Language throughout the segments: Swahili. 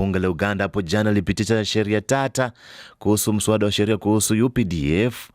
Bunge la Uganda hapo jana lipitisha sheria tata kuhusu mswada wa sheria kuhusu UPDF.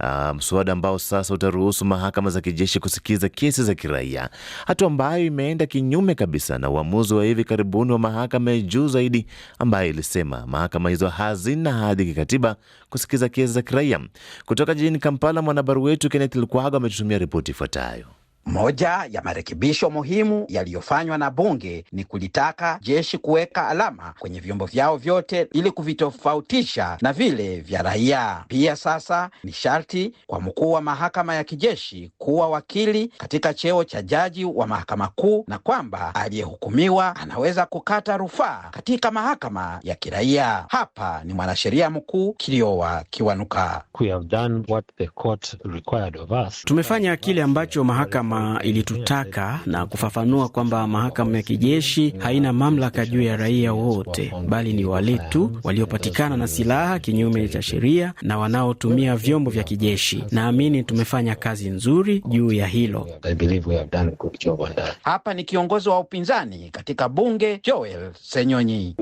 Uh, mswada ambao sasa utaruhusu mahakama za kijeshi kusikiza kesi za kiraia, hatua ambayo imeenda kinyume kabisa na uamuzi wa hivi karibuni wa mahakama ya juu zaidi ambayo ilisema mahakama hizo hazina hadhi kikatiba kusikiza kesi za kiraia. Kutoka jijini Kampala, mwanahabari wetu Kenneth Lukwago ametutumia ripoti ifuatayo. Moja ya marekebisho muhimu yaliyofanywa na bunge ni kulitaka jeshi kuweka alama kwenye vyombo vyao vyote ili kuvitofautisha na vile vya raia. Pia sasa ni sharti kwa mkuu wa mahakama ya kijeshi kuwa wakili katika cheo cha jaji wa mahakama kuu na kwamba aliyehukumiwa anaweza kukata rufaa katika mahakama ya kiraia. Hapa ni mwanasheria mkuu Kiliowa Kiwanuka. We have done what the court required of us. Tumefanya kile ambacho mahakama ilitutaka na kufafanua kwamba mahakama ya kijeshi haina mamlaka juu ya raia wote, bali ni wale tu waliopatikana na silaha kinyume cha sheria na wanaotumia vyombo vya kijeshi. Naamini tumefanya kazi nzuri juu ya hilo. Hapa ni kiongozi wa upinzani katika bunge Joel Senyonyi.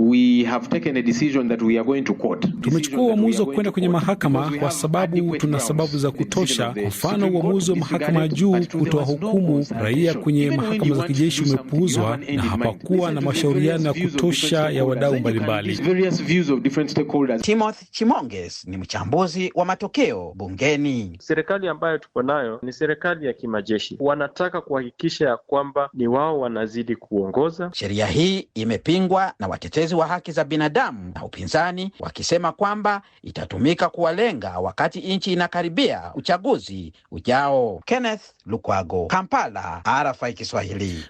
Tumechukua uamuzi wa kwenda kwenye mahakama kwa sababu tuna sababu za kutosha, kwa mfano uamuzi wa mahakama ya juu kutoa hukumu raia kwenye mahakama za kijeshi umepuuzwa na hapakuwa na mashauriano ya kutosha ya wadau mbalimbali. Timothy Chimonges ni mchambuzi wa matokeo bungeni. Serikali ambayo tuko nayo ni serikali ya kimajeshi, wanataka kuhakikisha ya kwamba ni wao wanazidi kuongoza. Sheria hii imepingwa na watetezi wa haki za binadamu na upinzani wakisema kwamba itatumika kuwalenga wakati nchi inakaribia uchaguzi ujao. Kenneth Lukwago Kampala, RFI Kiswahili.